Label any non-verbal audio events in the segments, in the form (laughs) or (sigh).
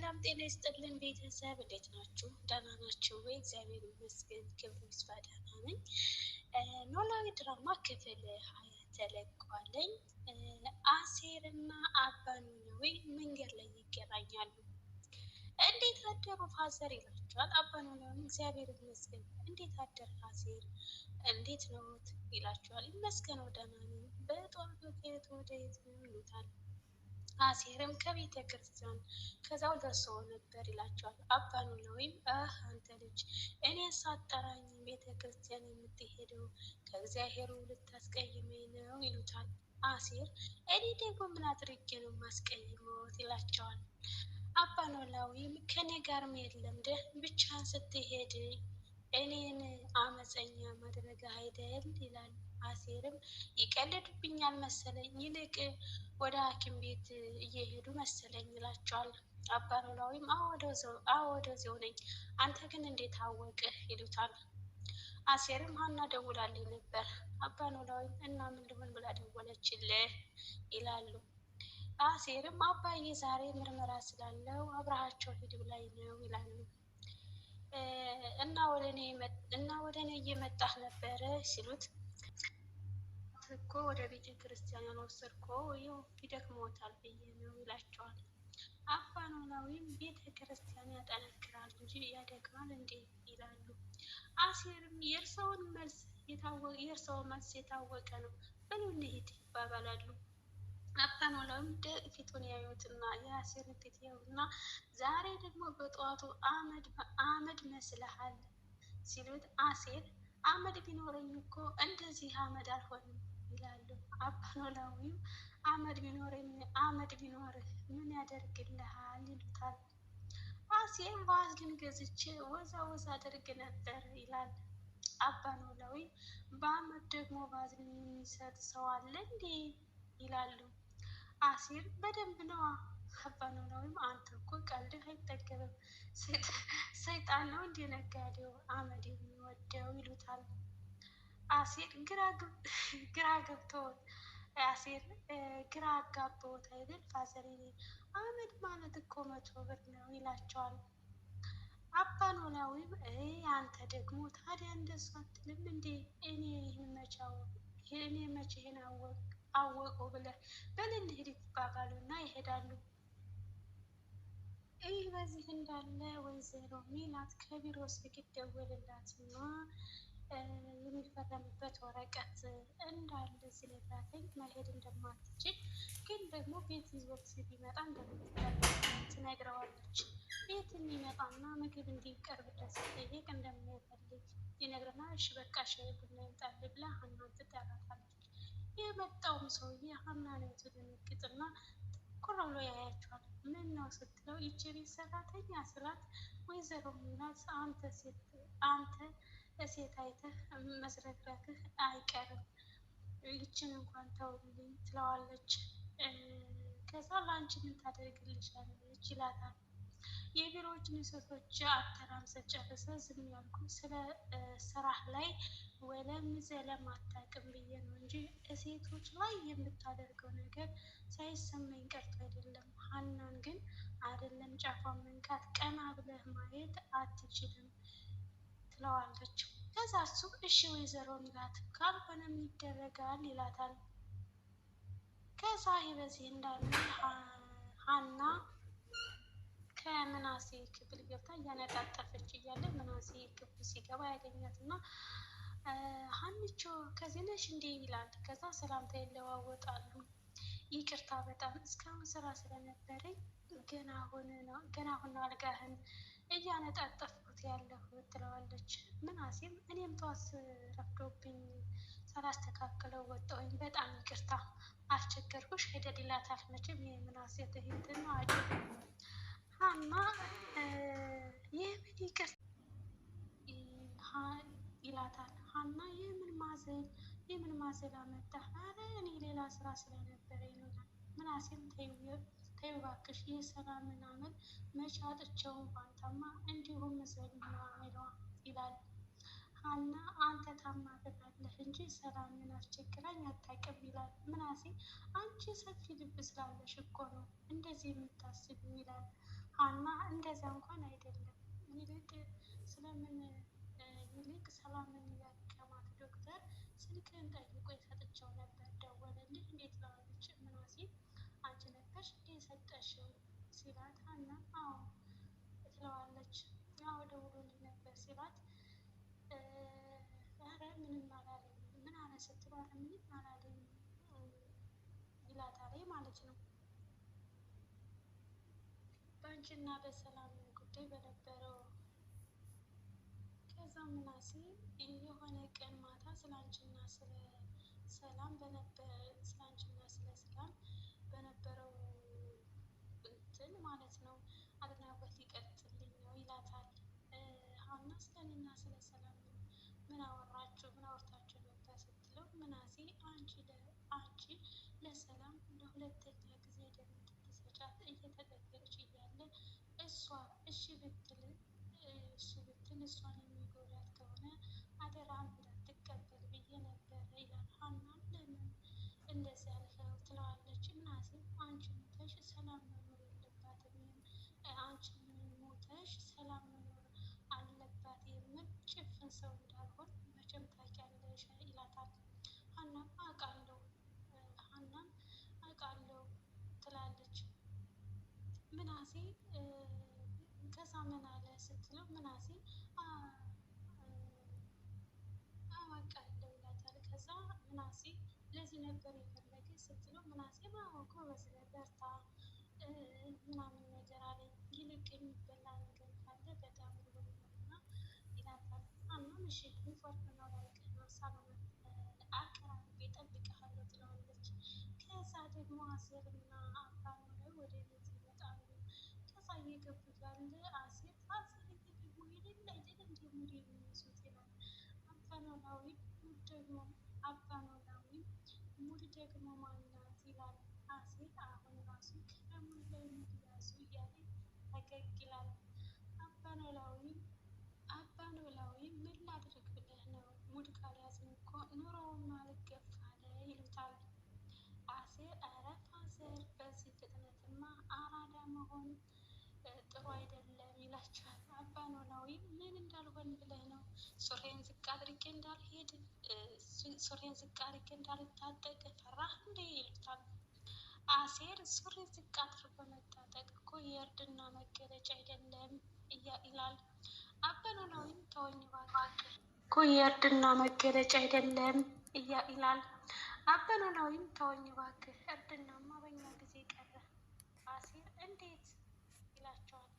ሰላም ጤና ይስጥልን ቤተሰብ፣ እንዴት ናችሁ? ደህና ናችሁ ወይ? እግዚአብሔር ይመስገን፣ ክብሩ ይስፋ፣ ደህና ነኝ። ኖላዊ ድራማ ክፍል ሀያ ተለቋለኝ። አሴርና አባ ኖላዊ መንገድ ላይ ይገናኛሉ። እንዴት አደሩ ፋዘር ይላቸዋል። አባ ኖላዊ እግዚአብሔር ይመስገን፣ እንዴት አደር አሴር፣ እንዴት ነዎት? ይላቸዋል። ይመስገነው ደህና ነኝ። በጦርነት ከየት ወደ የት ነው ይሉታል። አሴርም ከቤተ ክርስቲያን ከዛው ደርሶ ነበር ይላቸዋል። አባ ኖላዊም አህ አንተ ልጅ እኔ ሳጠራኝ ቤተ ክርስቲያን የምትሄደው ከእግዚአብሔሩ ልታስቀይመኝ ነው ይሉታል። አሴር እኔ ደግሞ ምን አድርጌ ነው ማስቀይመት ይላቸዋል። አባ ኖላዊም ከኔ ጋርም የለምደህ ብቻ ስትሄድ እኔን አመፀኛ ማድረግ አይደል ይላል። አሴርም ይቀልድብኛል መሰለኝ፣ ይልቅ ወደ ሐኪም ቤት እየሄዱ መሰለኝ ይላቸዋል። አባ ኖላዊም አዎ ወደዚያው ነኝ፣ አንተ ግን እንዴት አወቅህ ይሉታል። አሴርም ሀና ደውላልኝ ነበር። አባ ኖላዊም እና ምን ልሆን ብላ ደወለችልህ ይላሉ። አሴርም አባዬ ዛሬ ምርመራ ስላለው አብረሃቸው ሂድ ላይ ነው ይላሉ። እና ወደ እኔ እየመጣህ ነበረ ሲሉት እኮ ወደ ቤተ ክርስቲያን ያልወሰድኮ ይኸው ይደክሞታል ብዬ ነው ይላቸዋል። አፋኖላዊም ቤተ ክርስቲያን ያጠነክራል እንጂ ያደክማል እንዴ ይላሉ። አሴርም የእርሰውን መልስ የታወቀ ነው በሉ እንሂድ ይባባላሉ። አፋኖላዊም ኖላዊም ፊቱን ያዩትና የአሴርን ፊት ያዩትና ዛሬ ደግሞ በጠዋቱ አመድ መስልሃል ሲሉት አሴር አመድ ቢኖረኝ እኮ እንደዚህ አመድ አልሆንም አባኖላዊም አመድ ቢኖር አመድ ቢኖር ምን ያደርግልሃል? ይሉታል። ዋሴም በአዝግን ገዝቼ ወዛ ወዛ አደርግ ነበር ይላል። አባኖላዊ በአመድ ደግሞ በአዝግን የሚሰጥ ሰው አለ እንዴ? ይላሉ። አሴር በደንብ ነዋ። አባኖላዊም አንተ እኮ ቀልድህ አይጠገብም፣ ሰይጣን ነው እንደ ነጋዴው አመድ የሚወደው ይሉታል። አሴር (laughs) ግራ ገብቶት አሴር ግራ አጋቦት አይደል? ፋዘሬ አመድ ማለት እኮ መቶ ብር ነው ይላቸዋል። አባ ኖላዊም አንተ ደግሞ ታዲያ እንደሱ አትልም እንዴ? እኔ ይህን መቻው እኔ መቼ ይህን አወቁ ብለ በል እንሂድ ይባባሉ እና ይሄዳሉ። ይህ በዚህ እንዳለ ወይዘሮ ሚላት ከቢሮ ስልክ ይደወልላት እና የሚፈረምበት ወረቀት እንዳለ ስለዛተኝ መሄድ እንደማትችል ግን ደግሞ ቤት ይዞት ቢመጣ እንደምትቀርብ ትነግረዋለች። ቤት የሚመጣና ምግብ እንዲቀርብለት ሲጠየቅ እንደማይፈልግ ይነግርና እሺ በቃ ሻይ ቡና ይምጣል ብላ ሀናን ትጠራታለች። የመጣውም ሰውዬ ሀናን አይቶ ደነግጥና ትኩር ብሎ ያያቸዋል። ምን ነው ስትለው ይቺ ቤት ሰራተኛ ስላት ወይዘሮ ሙላት አንተ አንተ በሴት አይተህ መስረክረክህ አይቀርም ይችን እንኳን ተውልኝ ትለዋለች። ከዛ ለአንቺ ምን ታደርግልሻለች ይላታል። የቢሮዎችን ሴቶች አተራምሰ ጨርሰ ዝም ያልኩ ስለ ስራህ ላይ ወለም ዘለም አታውቅም ብዬ ነው እንጂ ሴቶች ላይ የምታደርገው ነገር ሳይሰማኝ ቀርቶ አይደለም። ሀናን ግን አይደለም ጫፏን መንካት ቀና ብለህ ማየት አትችልም። ትለዋለች። ከዛ እሱ እሺ ወይዘሮ ይላት፣ ካልሆነም ይደረጋል ይላታል። ከዛ ይህ በዚህ እንዳለ ሀና ከምናሴ ክፍል ገብታ እያነጣጠፈች እያለ ምናሴ ክፍል ሲገባ ያገኛት እና ሀንቾ ከዚህ ነሽ እንዴ ይላል። ከዛ ሰላምታ ይለዋወጣሉ። ይቅርታ በጣም እስካሁን ስራ ስለነበረኝ ገና አሁን ነው አልጋህን እያነጣጠፍ ያለሁ ትለዋለች። ምናሴም እኔም ጠዋት ረፍዶብኝ ሳላስተካክለው ወጣሁኝ፣ በጣም ይቅርታ አስቸገርኩሽ፣ ሄደድ ይላታል። መቼም የምናሴ ትዕይንት ነው አጭ ሀና የምን ይቅርታ ይላታል። ሀና የምን ማዘን የምን ማዘን አመጣ? አረ እኔ ሌላ ስራ ስለነበረ ይሆናል። ምናሴም ተይው እባክሽ ይህ ስራ ምናምን መቼ አጥቼውን ባንተማ እንዲሁም ዘግና ይላል። ሀና አንተ ታማግጣለህ እንጂ ስራ ምን አስቸግራኝ አታውቅም ይላል። ምናሴ አንቺ ሰፊ ልብ ስላለሽ እኮ ነው እንደዚህ የምታስብ ይላል። ሀና እንደዛ እንኳን አይደለም ይልቅ ስለምን ይልቅ ሰላምን ያከማት ዶክተር ስልክህን ጠይቆ የሰጥቸው ነበር ደወለልህ እንዴት ለዋለች ምናሴ አውጥተሽ እንዲህ ሲላት ሀና አዎ ትለዋለች። ያው ደውሎልኝ ነበር ሲላት ኧረ ምንም አላለኝ ምን አለ ስትለው ምንም አላለኝ ማለት ነው። በአንቺ እና በሰላም ጉዳይ በነበረው ከዛ ምናሴ የሆነ ቀን ማታ ስለ እና ስለ ሰላም በነበረ ስለ እና ስለ ሰላም በነበረው ስለኔና ስለ ሰላም ምን አወራችሁ? ምን አወርታችሁ ስትለው ምናሴ አንቺ ለሰላም ለሁለተኛ ጊዜ ደም እንድትሰጫት እየተጠየቅሽ እያለ እሷ እሺ ብትል እሺ ብትል እሷን የሚጎዳት ከሆነ አደራ እንዳትቀበል ብዬ ነበረ ይላል። ሀና ለምን ያልከው ትለዋለች። ምናሴም አንቺ ሞተሽ ሰላም መኖር የለባትም አንቺ ሞተሽ ሰላም ሰው እንዳልሆን መቼም ታውቂያለሽ ይላታል። ሀናም አውቃለሁ ሀናም አውቃለሁ ትላለች። ምናሴ ከዛ ምን አለ ስትለው ምናሴ አውቃለሁ ይላታል። ከዛ ምናሴ ለዚህ ነበር የፈለገ ስትለው ምናሴ ማወቅ በርታ ምናምን ነገር አለ ይልቅ የሚበላ ነገር አምናነሽ ኮንፎርትና ወረቀት ሳሎን አቀራርቤ እጠብቅሃለሁ ትለዋለች። ከዛ ደግሞ አሴርና አባምር ወደ ቤት ይመጣሉ። ከዛ እየገቡ ያለ አሴር አሴር ደግሞ የሌለ አይደለም ደግሞ የሚይዙት ይላል። አባኖላዊ ሙድ ደግሞ አባኖላዊ ሙድ ደግሞ ማናት ይላል። አሴር አሁን ራሱ ከሙድ ላይ ሙድ ያዙ እያለ ፈገግ ይላል። አባኖላዊ ሙድ ካልያዝን እኮ ኑሮውማ ልገፋ ይሉታል። አሴር ኧረ አሴር በዚህ ፍጥነትማ አራዳ መሆን ጥሩ አይደለም ይላቸዋል። አባ ኖላዊ ምን እንዳልሆን ብለህ ነው ሱሬን ዝቅ አድርጌ እንዳልሄድ ሱሬን ዝቅ አድርጌ እንዳልታጠቅ ፈራህ እንዴ ይሉታል። አሴር ሱሪ ዝቅ አድርጎ መታጠቅ እኮ የእርድና መገለጫ አይደለም ይላል። አባ ኖላዊም ተወኝ እባክህ እኮ የእርድና መገለጫ አይደለም ይላል አበኖላዊም። ተወኝ እባክህ እርድናማ በኛ ጊዜ ቀረ። አሴር እንዴት ይላቸዋል።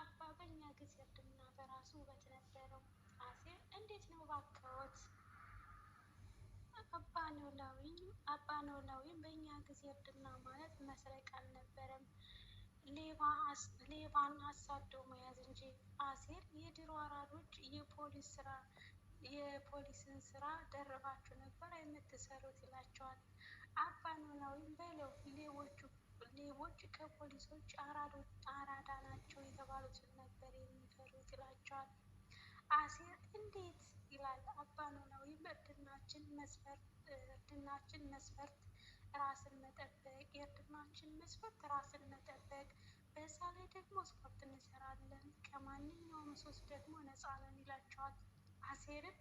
አባ በኛ ጊዜ እርድና በራሱ ውበት ነበረው። አሴር እንዴት ነው ባካወት አባኖላዊም በእኛ ጊዜ እርድና ማለት መስረቅ አልነበረም፣ ሌባን አሳዶ መያዝ እንጂ። አሴር የድሮ አራዶች የፖሊስ ስራ የፖሊስን ስራ ደርባችሁ ነበር የምትሰሩት ይላቸዋል። አባኖላዊም በለው ሌቦች ከፖሊሶች አራዳ ናቸው የተባሉትን ነበር የሚፈሩት ይላቸዋል። አሴር እንዴት ይላል አባኖላዊም እርድናችን መስፈርት እርድናችን መስፈርት ራስን መጠበቅ የእርድናችን መስፈርት ራስን መጠበቅ በዛ ላይ ደግሞ ስፖርት እንሰራለን ከማንኛውም ሱስ ደግሞ ነፃ ነን ይላቸዋል። አሴርን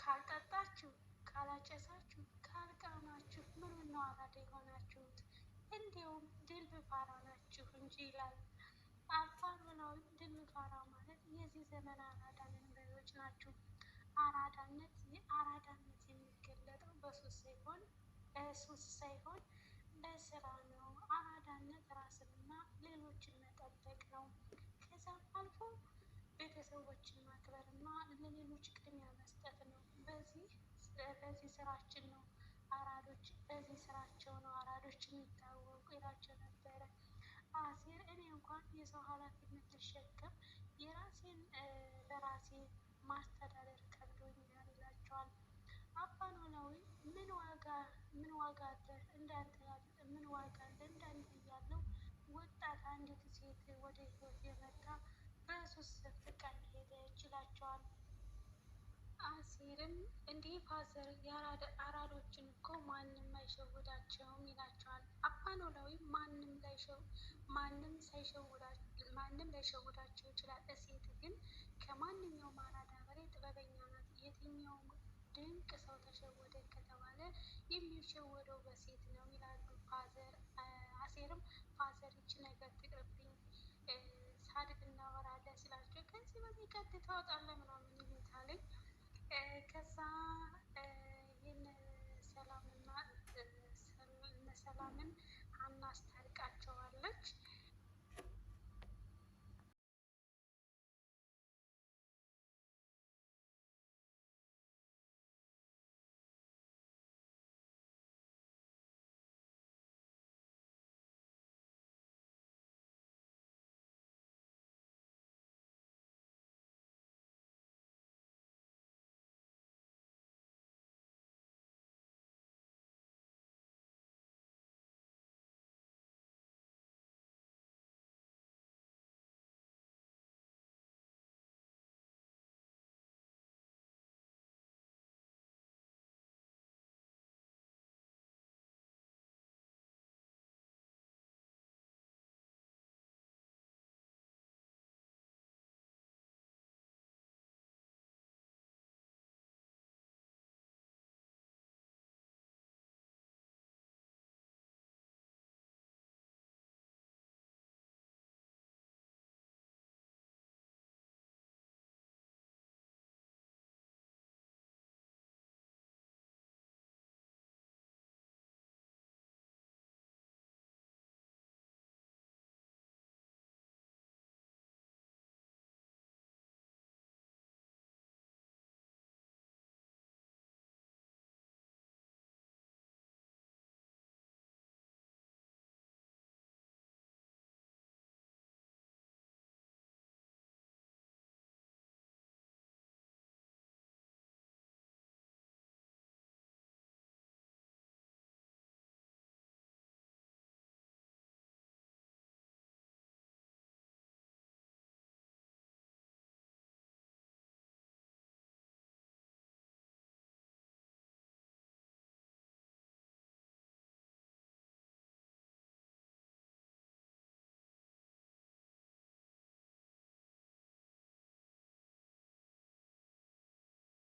ካልጠጣችሁ፣ ካላጨሳችሁ፣ ካልቃማችሁ ምኑን ነው አራዳ የሆናችሁት? እንዲሁም ድል ብፋራ ናችሁ እንጂ ይላል። አፋር ብለው ድል ብፋራ ማለት የዚህ ዘመን አራዳ መንበሪዎች ናችሁ። አራዳነት የአራዳነት የሚገለጠው በሱስ ሳይሆን በሱስ ሳይሆን በስራ ነው። አራዳነት ራስንና ሌሎችን መጠበቅ ነው። ከዛም አልፎ ቤተሰቦችን ማክበር እና ለሌሎች ቅድሚያ መስጠት ነው። በዚህ በዚህ ስራችን ነው አራዶች በዚህ ስራቸው ነው አራዶች የሚታወቁ ይላቸው ነበረ። አሴር እኔ እንኳን የሰው ኃላፊነት ልሸከም የራሴን ለራሴ ማስተዳደር ከብዶኛል ይላቸዋል። አባኖላዊ ምን ዋጋ ምን ዋጋ አለህ እንዳንተ ምን ዋጋ አለህ እንዳንተ ያለው ወጣት አንዲት ሴት ወደ ህይወት የመጣ ፍቅር ሊሄድ ይችላቸዋል። አሲርም እንዲህ ፋዘር የአራዶችን እኮ ማንም አይሸውዳቸውም ይላቸዋል። አባኖላዊ ማንም ላይሸውዳቸው ይችላል። እሴት ግን ከማንኛውም አራዳ በላይ ጥበበኛ ናት። የትኛውም ድንቅ ሰው ተሸወደ ከተባለ የሚሸወደው በሴት ነው ይላሉ ፋዘር። አሴርም ፋዘር ይቺ ነገር ከዚህ በዚህ ቀጥታ እወጣለሁ ምናምን ይሉታለኝ። ከዛ ይህን ሰላምና ሰላምን አናስታርቃቸዋለች።